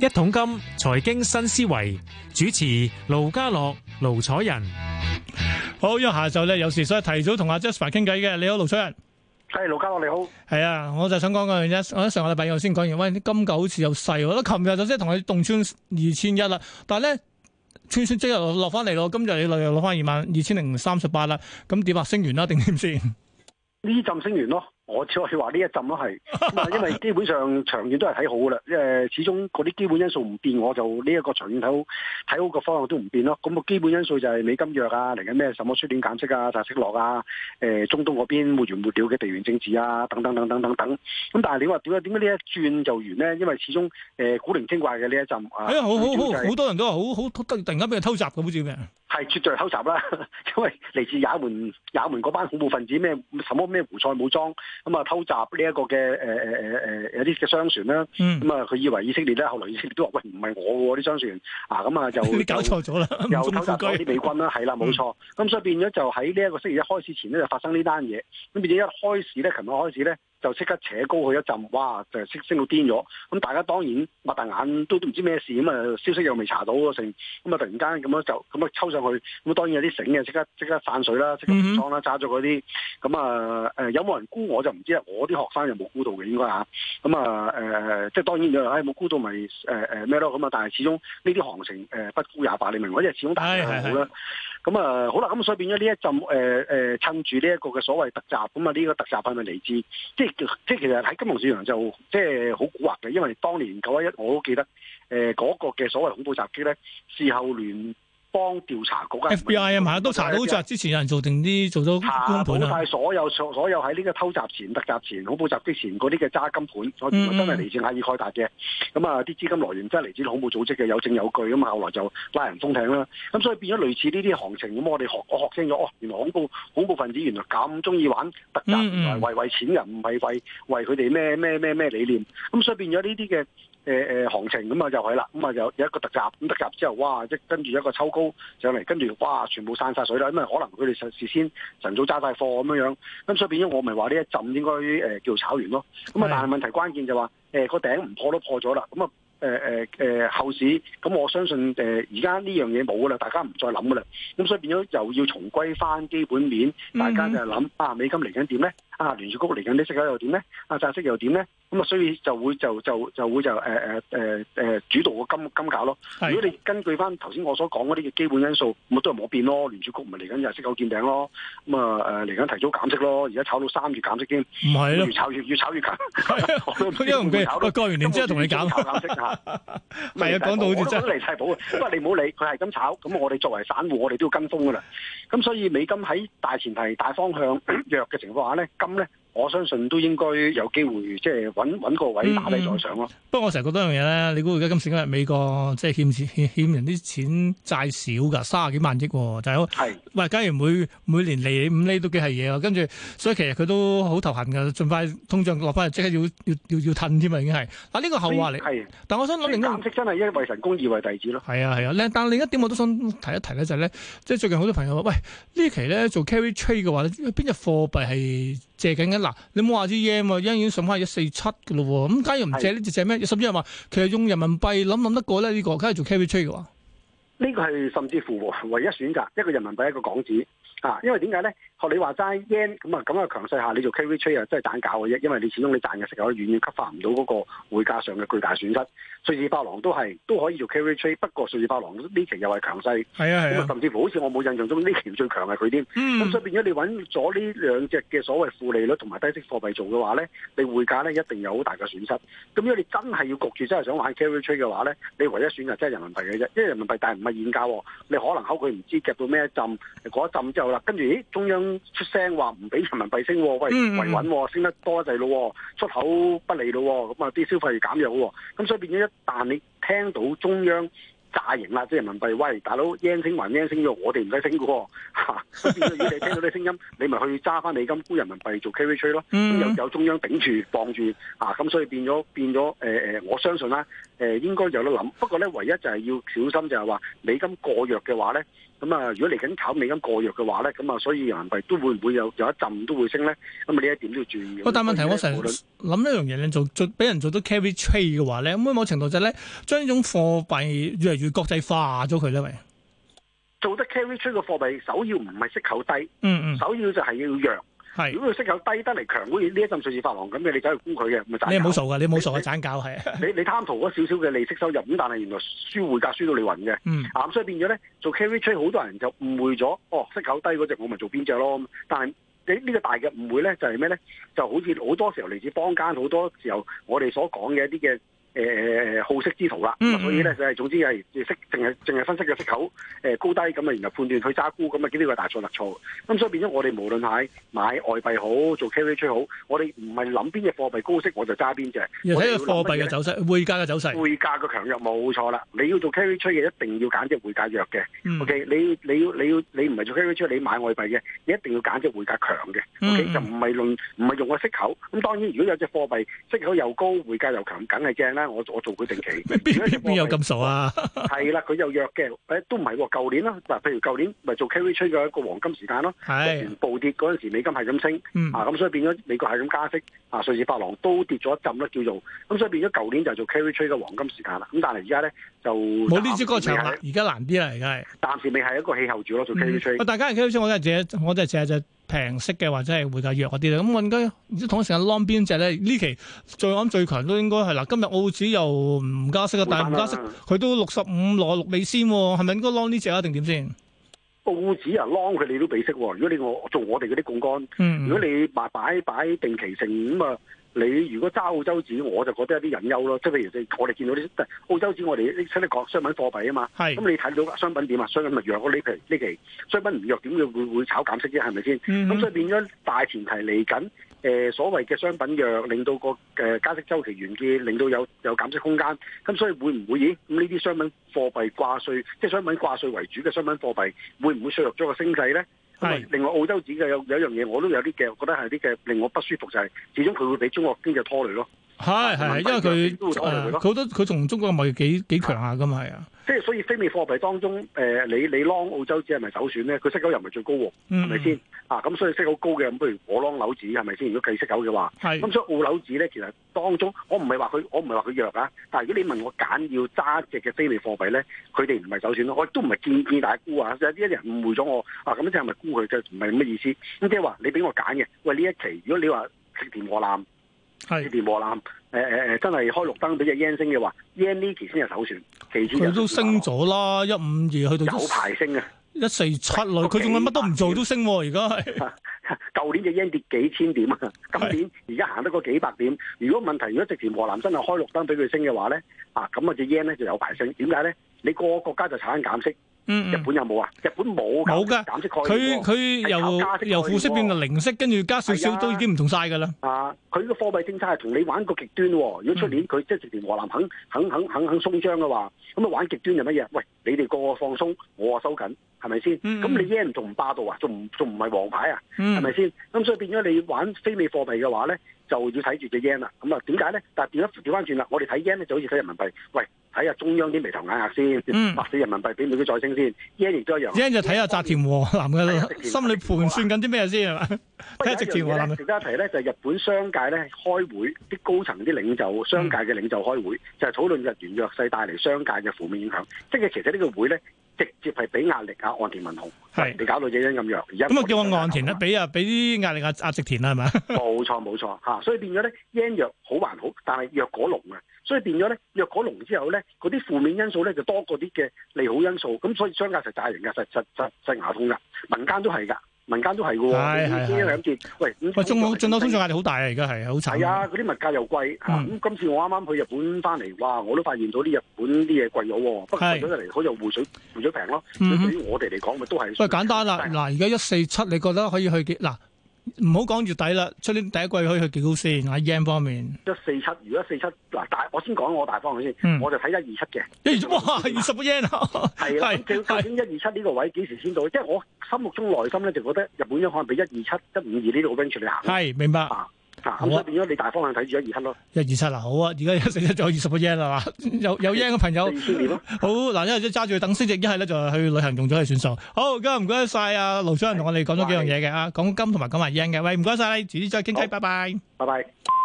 一桶金財經新思維主持盧家樂、盧楚仁。好，因為下晝咧有時，所以提早同阿 Jasper 傾偈嘅。你好，盧楚仁。係，盧家樂你好。係啊，我就想講嗰樣啫。我喺上個禮拜又先講完，喂，啲金嚿好似又細。我覺得琴日就即係同佢凍穿二千一啦。但係咧，穿穿即係落翻嚟咯。今日你又攞翻二萬二千零三十八啦。咁點啊？升完啦定點先？呢浸升完咯。 我只可以話呢一陣咯，係，因為基本上長遠都係睇好噶啦，因為始終嗰啲基本因素唔變，我就呢一個長遠睇好，睇好個方向都唔變咯。咁個基本因素就係美金弱啊，嚟緊咩什麼輸點減息啊，加息落啊，誒、呃、中東嗰邊沒完沒了嘅地緣政治啊，等等等等等等。咁但係你話點啊？點解呢一轉就完呢？因為始終誒、呃、古靈精怪嘅呢一陣啊、欸，好好好、就是、好多人都話好好突然間俾人偷襲咁，唔知係咩？係絕對偷襲啦，因為嚟自也門也門嗰班恐怖分子咩什麼咩胡塞武裝。咁啊，偷襲呢一個嘅誒誒誒誒有啲嘅商船啦，咁、嗯、啊，佢以為以色列咧，後來以色列都話：喂，唔係我喎啲商船，啊，咁、嗯、啊就搞錯咗啦，又偷襲嗰啲美軍啦，係啦，冇錯。咁、嗯嗯、所以變咗就喺呢一個星期一開始前咧，就發生呢單嘢。咁變咗一開始咧，琴日開始咧。就即刻扯高佢一陣，哇！就升升到癲咗。咁、嗯、大家當然擘大眼都都唔知咩事咁啊！消息又未查到成，咁啊突然間咁樣就咁啊抽上去，咁啊當然有啲醒嘅，即刻即刻散水啦、嗯呃嗯呃呃，即刻平倉啦，揸咗嗰啲。咁啊誒，有冇人沽我就唔知啦。我啲學生又冇沽到嘅應該嚇。咁啊誒，即係當然你話唉冇沽到咪誒誒咩咯咁啊？但係始終呢啲行情誒不沽也罷，你明唔明？因為始終大市係好啦。是是是咁、嗯、啊、嗯，好啦，咁、嗯、所以變咗呢一陣誒誒，趁住呢一個嘅所謂突襲，咁啊呢個突襲係咪嚟自，即係即係其實喺金融市場就即係好蠱惑嘅，因為當年九一一我都記得，誒、呃、嗰、那個嘅所謂恐怖襲擊咧，事後連，幫調查國家，F B I 啊嘛，都、啊、查到就之前有人做定啲，做咗崩、啊啊、所有所有喺呢個偷襲前、特襲前、恐怖襲擊前嗰啲嘅揸金盤，我、嗯嗯、真係嚟自阿爾開達嘅。咁啊，啲資金來源真係嚟自恐怖組織嘅，有證有據啊嘛。後來就拉人封艇啦。咁所以變咗類似呢啲行情咁，我哋學我學清咗，哦，原來恐怖恐怖分子原來咁中意玩突襲，原來為為錢，唔係為為佢哋咩咩咩理念。咁所以變咗呢啲嘅。誒誒，行情咁啊，就係啦，咁啊有有一個突入，咁突入之後，哇，即跟住一個秋高上嚟，跟住哇，全部散曬水啦，咁啊，可能佢哋實事先晨早揸晒貨咁樣樣，咁所、呃呃呃、所以變咗我咪話呢一浸應該誒叫炒完咯，咁啊，但係問題關鍵就話誒個頂唔破都破咗啦，咁啊誒誒誒後市，咁我相信誒而家呢樣嘢冇噶啦，大家唔再諗噶啦，咁所以變咗又要重歸翻基本面，大家就諗、嗯、啊美金嚟緊點咧，啊聯儲局嚟緊啲息口又點咧，啊債息又點咧？咁、嗯、啊，所以就會就就就會就誒誒誒誒主導個金金價咯。如果你根據翻頭先我所講嗰啲嘅基本因素，咪都係冇變咯。聯儲局唔嚟緊又息口見頂咯。咁啊誒嚟緊提早減息咯。而家炒到三月減息添，唔係越炒越越炒越緊。因為炒得乾， 然之後同你減。係 啊，講到好似真離晒譜啊！ 不過你唔好理，佢係咁炒，咁我哋作為散戶，我哋都要跟風噶啦。咁所以美金喺大前提大方向弱嘅情況下咧，金咧。我相信都應該有機會，即係揾揾個位打你再上咯、嗯。不過我成日覺得一樣嘢咧，你估而家今時今日美國即係、就係、欠欠欠人啲錢債少㗎，卅幾萬億、哦、就係、係，喂，假如每每年利五厘都幾係嘢喎，跟住所以其實佢都好頭痕㗎，儘快通脹落翻嚟，即係要要要要褪添啊，已經係嗱呢個後話嚟。但我想諗另一個真係一為神功，二為弟子咯。係啊係啊，但另一點我都想提一提咧、就係，就係咧，即係最近好多朋友話，喂今期呢期咧做 carry trade 嘅話，邊隻貨幣係？借緊嘅嗱，你冇話支 yen 喎，yen 已經上翻一四七㗎咯喎，咁假如唔借呢，隻借咩？甚至係話其實用人民幣諗諗得過咧呢、呢個，梗係做 carry trade 喎。呢個係甚至乎唯一選擇，一個人民幣一個港紙啊，因為點解咧？學你話齋 yen 咁啊，咁啊強勢下，你做 carry trade 啊，真係盞搞嘅啫，因為你始終你賺嘅成數遠遠吸發唔到嗰個匯價上嘅巨大損失。瑞士法郎都係都可以做 carry trade，不過瑞士法郎呢期又係強勢，係啊，甚至乎好似我冇印象中呢期最強係佢添。咁所以變咗你揾咗呢兩隻嘅所謂負利率同埋低息貨幣做嘅話咧，你匯價咧一定有好大嘅損失。咁如果你真係要焗住真係想玩 carry trade 嘅話咧，你唯一選擇就真係人民幣嘅啫。因為人民幣，但係唔係現價，你可能口佢唔知夾到咩一浸，過一浸之後啦，跟住咦中央出聲話唔俾人民幣升，喂，維穩，升得多一陣咯，出口不利咯，咁啊，啲消費減咗喎。咁所以變咗但你聽到中央？炸型啦！即係人民幣，喂，大佬，yen 升還 yen 升咗，我哋唔使升嘅喎、哦，嚇！咁變到你哋聽到啲聲音，你咪去揸翻美金沽人民幣做 carry trade 咯。咁、嗯、有有中央頂住放住啊，咁、嗯、所以變咗變咗誒誒，我相信啦，誒、呃、應該有得諗。不過咧，唯一就係要小心就，就係話美金過弱嘅話咧，咁、嗯、啊，如果嚟緊炒美金過弱嘅話咧，咁、嗯、啊，所以人民幣都會唔會有有一陣都會升咧？咁、嗯、啊，呢一點都要注意。不過但係問題，我成日諗一樣嘢你做做俾人做到 carry trade 嘅話咧，咁喺某程度就咧、是，將呢種貨幣越國際化咗佢啦，咪做得 carry trade 嘅貨幣，首要唔係息口低，嗯嗯，首要就係要弱。係如果佢息口低得嚟強，好似呢一陣瑞士法郎咁嘅，你走去沽佢嘅，咪賺。你冇傻噶，你冇傻，去盞搞係。你你，你，你貪圖嗰少少嘅利息收入，咁但係原來輸匯價輸到你暈嘅，嗯，咁所以變咗咧，做 carry trade 好多人就誤會咗，哦，息口低嗰隻我咪做邊隻咯。但係你呢個大嘅誤會咧，就係咩咧？就好似好多時候嚟自坊間，好多時候我哋所講嘅一啲嘅。誒好色之徒啦、嗯，所以咧就係總之係識淨係淨係分析嘅息口誒、呃、高低咁啊，然後判斷佢揸沽咁啊，幾呢個大錯特錯咁、嗯、所以變咗我哋無論係買外幣好做 carry 好，我哋唔係諗邊隻貨幣高息我就揸邊隻。我睇個貨幣嘅走，走勢，匯價嘅走勢，匯價嘅強弱冇錯啦。你要做 carry 嘅一定要揀隻匯價弱嘅、嗯。OK，你你要你要你唔係做 carry trade，你買外幣嘅，你一定要揀隻匯價強嘅、嗯。OK，就唔係唔用個息口。咁、嗯、當然如果有隻貨幣息口又高，匯價又強，梗係正我我做佢定期，邊有咁傻啊？係 啦，佢又約嘅，誒都唔係喎。舊年啦，嗱，譬如舊年咪做 carry trade 嘅一個黃金時間咯，係暴跌嗰陣時候，美金係咁升，嗯、啊咁所以變咗美國係咁加息，啊瑞士法郎都跌咗一陣啦，叫做咁所以變咗舊年就做 carry trade 嘅黃金時間啦。咁但係而家咧就冇呢支歌唱啦，而家難啲啦，而家係暫時未係一,一個氣候主咯做 carry trade、嗯、大家係 carry trade 我真係我真係成日就。平息嘅或者係會較弱啲咧，咁我應該唔知同一時間 long 邊隻咧？隻呢期最啱最強都應該係嗱，今日澳紙又唔加息啊！但係唔加息，佢、啊、都六十五攞六美仙喎、哦，係咪應該 long 呢隻啊？定點先？澳紙啊 long 佢你都比息喎、哦。如果你我做我哋嗰啲槓桿，如果你擺擺擺定期性咁啊～你如果揸澳洲紙，我就覺得有啲隱憂咯。即係譬如我哋見到啲澳洲紙，我哋呢啲講商品貨幣啊嘛，咁你睇到商品點啊？商品咪弱咗，你呢期商品唔弱，點佢會會炒減息啫？係咪先？咁、嗯、所以變咗大前提嚟緊，誒、呃、所謂嘅商品弱，令到個誒加息周期完結，令到有有減息空間。咁所以會唔會以咁呢啲商品貨幣掛稅，即、就、係、是、商品掛稅為主嘅商品貨幣，會唔會削弱咗個升勢咧？另外澳洲指嘅有有一樣嘢，我都有啲嘅，覺得係啲嘅令我不舒服，就係、是、始終佢會俾中國經濟拖累咯。係係，因為佢佢都佢同、呃、中國唔係幾幾強下㗎嘛，係啊。即係所以非美貨幣當中，誒、呃、你你攞澳洲紙係咪首選咧？佢息口又唔係最高喎、啊，係咪先？啊咁、嗯、所以息口高嘅咁，不如我攞紐紙係咪先？如果計息口嘅話，咁、嗯、所以澳紐紙咧，其實當中我唔係話佢，我唔係話佢弱啊。但係如果你問我揀要揸隻嘅非美貨幣咧，佢哋唔係首選咯。我都唔係建議大家沽啊，有啲人誤會咗我啊，咁即係咪沽佢啫？唔係乜意思。咁即係話你俾我揀嘅，喂呢一期如果你話食田螺腩。係電卧纜，誒誒誒，真係開綠燈俾隻煙星嘅話煙呢期先係首選，其次都升咗啦，一五二去到有 14, 排升啊，一四七類佢仲係乜都唔做都升，而家係。舊年隻 yen 跌幾千點啊！今年而家行得個幾百點。如果問題，如果直情河南真係開綠燈俾佢升嘅話咧，啊咁我隻 yen 咧就有排升。點解咧？你個國家就產生減息。嗯嗯日本有冇啊？日本冇。冇㗎。減息佢佢由由負息變到零息，跟住加少少，都已經唔同晒㗎啦。啊！佢個貨幣政策係同你玩個極端。如果出年佢即係直情河南肯肯肯肯肯鬆張嘅話，咁啊玩極端又乜嘢？喂！你哋個個放鬆，我收緊，係咪先？咁、嗯嗯、你 yen 仲唔霸道啊？仲唔仲唔係王牌啊？嗯是。係咪先？咁、嗯、所以變咗你玩非美貨幣嘅話咧，就要睇住隻 yen 啦。咁啊，點解咧？但係點解調翻轉啦？我哋睇 yen 咧就好似睇人民幣。喂，睇下中央啲眉頭眼額先，或、嗯、者人民幣點解再升先？yen 亦都一樣。yen 就睇下植田和男嘅心裏盤算緊啲咩先係嘛？睇下植田和男。另一提題咧就係日本商界咧開會，啲高層啲領袖，商界嘅領袖開會、嗯、就係、是、討論日元弱勢帶嚟商界嘅負面影響。即、就、係、是、其實呢個會咧。直接係俾壓力啊，岸田文雄係你搞到隻 yen 咁弱，而家咁啊，叫個岸田啦，俾啊俾啲壓力啊啊，直田啦，係咪冇錯冇錯吓，所以變咗咧 yen 弱好還好，但係弱過龍啊，所以變咗咧弱過龍之後咧，嗰啲負面因素咧就多過啲嘅利好因素，咁所以商界就炸人噶，實實實實牙痛噶，民間都係噶。民間都係嘅喎，呢兩件，喂，咁中國進口通脹壓力好大啊！而家係好慘。係啊，嗰啲物價又貴，咁今次我啱啱去日本翻嚟，哇！我都發現到啲日本啲嘢貴咗，不過嚟嚟佢又回水回咗平咯。嗯嗯，對於我哋嚟講，咪都係。喂，簡單啦、啊，嗱，而家一四七，你覺得可以去幾嗱？唔好講月底啦，出年第一季可以去幾高先？喺 yen 方面，一四七，如果一四七嗱大，我先講我大方向先、嗯，我就睇一二七嘅。一二七，哇，二十個 yen 係啊，咁 究竟一二七呢個位幾時先到？即係我心目中內心咧，就覺得日本央行可能畀一二七、一五二呢個 range 嚟行。係，明白。好啊，咁變咗你大方向睇住一二七咯，一二七嗱好啊，而家一四七仲有二十個 yen 係嘛，有有 yen 嘅朋友，啊、好嗱，一係就揸住等升值，一係咧就去旅行用咗去算數。好，今日唔該晒啊盧楚仁同我哋講咗幾樣嘢嘅啊，講金同埋講埋 yen 嘅，喂唔該晒你，遲啲再傾偈，拜拜，拜拜。Bye bye